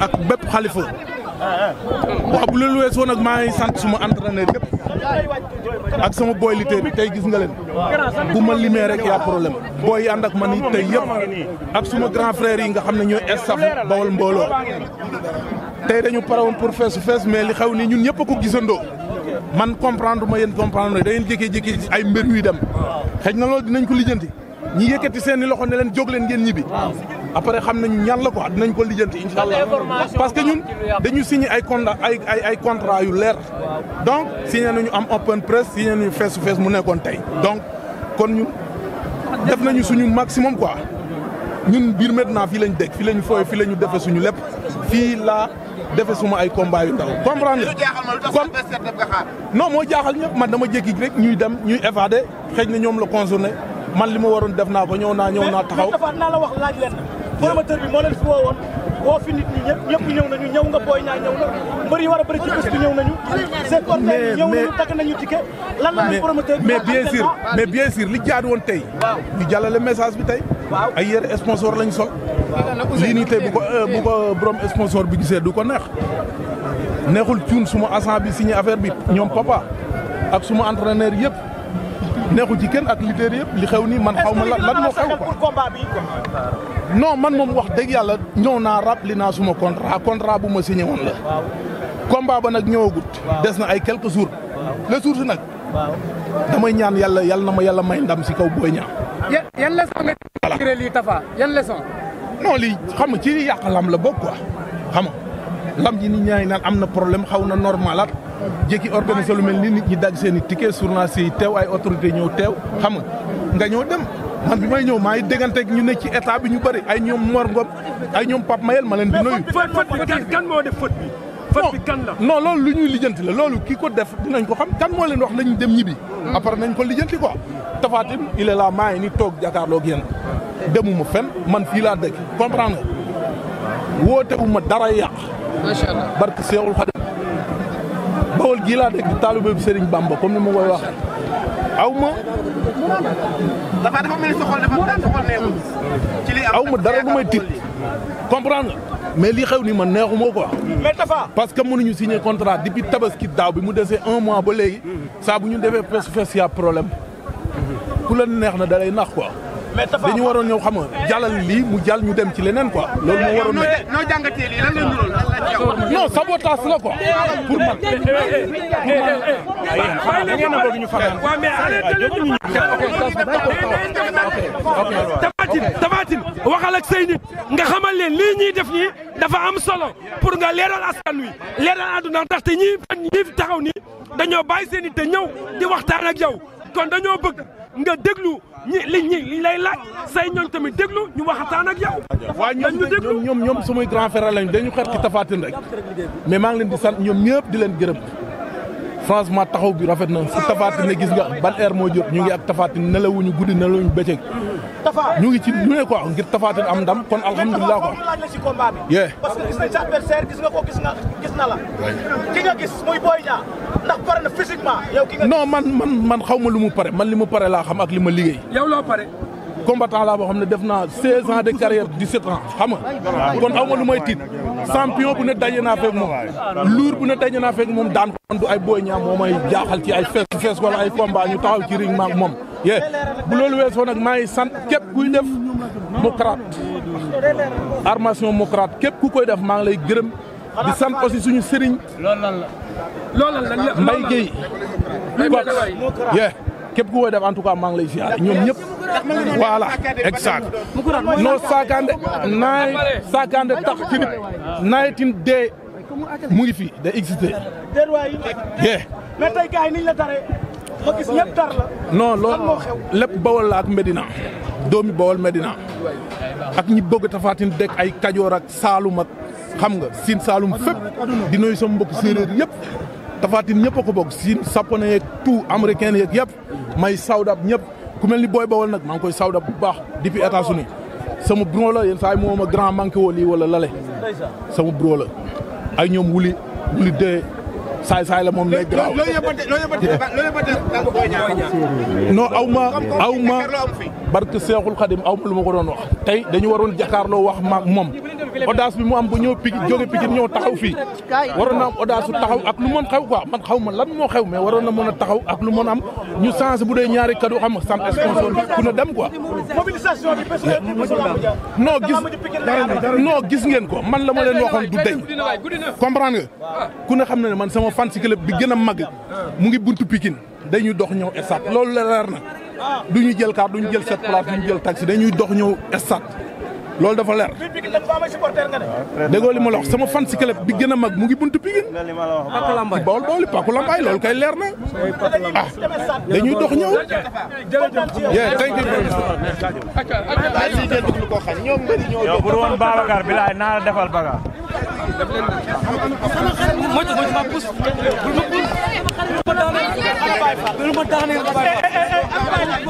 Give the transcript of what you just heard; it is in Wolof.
ak bépp xalifa waaw bu loolu weesoo nag maa ngi sant suma entraîneur yëpp ak sama boy lutteur yi tey gis nga leen bu ma limee rek yaa problème booy yi ak man yi tey yëpp ak suma grand frère yi nga xam ne ñooy staff Bawol mbooloo tey dañu pare woon pour feesu fees mais li xaw ni ñun ñëpp a ko gisandoo man comprendre ma yéen comprendre da ngeen jékkee-jékkee ay mbër yuy dem xëy na loolu dinañ ko lijanti ñi yëkëti seen i loxo ne leen jóg leen ngeen ñibbi. après xam nañu ñan la quoi dinañ ko lijjanti incha allah parce que ñun dañu signé ay conda ay ay ay contrat yu leer. donc signé nañu am open press signé nañu fess fess mu nekkon tay donc kon ñun def nañu suñu maximum quoi ñun bir maintenant fi lañ dëkk fi lañu foy fi lañu defe suñu lépp fi la defe suma ay combat yu ndaw comprendre non mo jaaxal ñëpp man dama jékki rek ñuy dem ñuy évader xëy na ñoom la concerné. man li ma waroon def naa ba ñëw naa ñëw naa taxaw mais naa la wax laaj leen promoteur bi moo leen fi woowoon woo fi nit ñi ñëpp ñëpp ñëw nañu ñëw nga booy ñaa ñëw na mbër yi war a bëri ci bés bi ñëw nañu seen cortège ñëw nañu takk nañu ticket lan la promoteur bi mais bien sûr mais bien sûr li jaadu woon tey ñu jàllale message bi tey ay yére sponsor lañ sol lii nii tey bu ko euh, bu ko borom bi gisee du ko neex neexul cuun suma agent bi signé affaire bi ñoom papa ak suma entraîneur yëpp neexu ci kenn ak leader yëpp li xew ni man xawma la lan moo xew non man moom wax dëgg yàlla ñëw naa rappelé naa suma contrat contrat bu ma signé woon la combat ba nag ñëwagut des na ay quelques jours le jour si nag damay ñaan yàlla yàlla na ma yàlla may ndam si kaw booy ñaan ya, yan leçon nga tiré li tafa yan leçon non li xam ci yàq lam la bokk quoi xam lam ji ni ñaa naan am na problème xaw na jékki organisé lu mel ni nit ñi daj seen i ticket yi teew ay autorité ñëw teew xam nga ñëw dem man bi may ñëw maa ngi déggante ñu ne ci état bi ñu bëri ay ñoom Mor Ngom ay ñoom Pape Mayel ma leen di nuyu. kan moo bi. faute bi kan la non loolu lu ñuy lijjanti la loolu ki ko def dinañ ko xam kan moo leen wax nañ dem ñibbi. Hmm. après nañ ko lijjanti quoi. Tapha Tine il est là maa ngi ni toog jàkkaarloo demuma fen man fii laa dëkk comprendre nga woote wu ma dara yàq. macha gii laa dëkk taalibe Serigne Bamba comme ni mo koy wax awma dafa dafa mel ni xol dafa dafa xol neexul. ci li aw ma dara lu may tiit comprendre nga. mais li xew ni man neexu ma quoi. mais Tapha. parce que mënuñu signer contrat depuis tabaski daw bi mu déssé 1 mois ba léegi. ça bu ñu defee fees fees y'a problème. ku la neex na dalay nax quoi. mais Tapha dañu waroon ñëw xam nga jàllal lii mu jàll ñu dem ci leneen quoi. lolu mo waroon no jangate li lan lay la important la quoi pour man ngeen nangoo ñu faral waaw mais tabatin tabatin waxal ak say nit nga xamal leen lii ñuy def nii nga déglu ñi li ñi liñ lay laaj say ñooñ tamit déglu ñu waxataan ak yow. waaye ñoom ñoom ñoom sumay grand frère lañ dañu xet ci Tapha Tine rek mais leen di sant ñoom ñëpp di leen gërëm. franchement taxaw bi rafet na fu Tapha Tine gis nga ban heure moo jot ñu ngi ak Tapha Tine nelawuñu guddi nelawuñu bëccëg ñu ngi ci lu ne quoi ngir Tapha Tine am ndam kon alhamdulilah quoi. yee. parce que gis nañ sa gis nga ko gis nga gis na la. ki nga man man man xaw ma lu mu pare man li mu pare laa xam ak li ma liggéey. combattant laa boo xam ne def naa 16 ans de carrière 17 ans xam nga kon aw ma lu may tiit champion bu ne daje naa feeg moom luur bu ne daje naa feeg moom daan kon du ay booy ñaam moo may jaaxal ci ay fees fees wala ay combat ñu taxaw ci ring maak moom yee bu loolu weesoo nag maa ngi sant képp kuy def mokrate armation mokrate képp ku koy def maa ngi lay gërëm di sant aussi suñu sëriñ loolu lan la loolu lan la Mbaye Gueye képp ku koy def en tout cas maa ngi lay ziar ñoom ñëpp voilà exact non Sakandé naay Sakandé tax kibit nineteen day mu ngi fi day existé yeah mais tey gars yi niñ la tare ba gis ñëpp tar la non loolu lépp bawol la ak ak ñi bëgg tafaatin dëkk ay Kajoor ak Saalum ak xam nga Siin Saalum fépp di nuyu sama mbokk séeréer yëpp tafaatin ñëpp ko bokk Siin sappone yeeg tout américain yeeg yëpp may sawdab ñëpp ku mel ni booy bawal nag maa ngi koy sawdab bu baax depuis États-Unis sama bro la yenn saa yi moo ma grand manqué woo wala lale sama bro la ay ñoom wuli wuli dee saay saay la moom lay garaaw loo yëppante loo yëppante non aw ma aw ma barke Seexul lu ma ko doon wax tey dañu waroon jàkkaarloo wax ma moom audace bi mu am bu ñew pigi joge pigi ñew taxaw fi waro na am audace taxaw ak lu mon xew quoi man xawma lan mo xew mais waro na mëna taxaw ak lu mon am ñu changé bu dee ñaari cadeau xam sam sponsor ku na dem quoi mobilisation bi parce que non gis non gis ngeen ko man la ma leen waxon du deñ comprendre nga ah. ku ne xam na man sama fan ci club bi gëna mag mu ngi buntu pikin dañuy dox ñew esat loolu la leer na ah. duñu jël car duñu jël set place duñu jël taxi dañuy dox ñew esat loolu dafa leer. déggoo li ma la wax sama fan si club bi gën a mag mu ngi buntu Pikine. ci Bawol Bawol Paku Lambaay loolu kay leer na. ah dañuy dox ñëw. jërëjëf thank you. yow bu dul woon bi naa la defal Babacar. moytu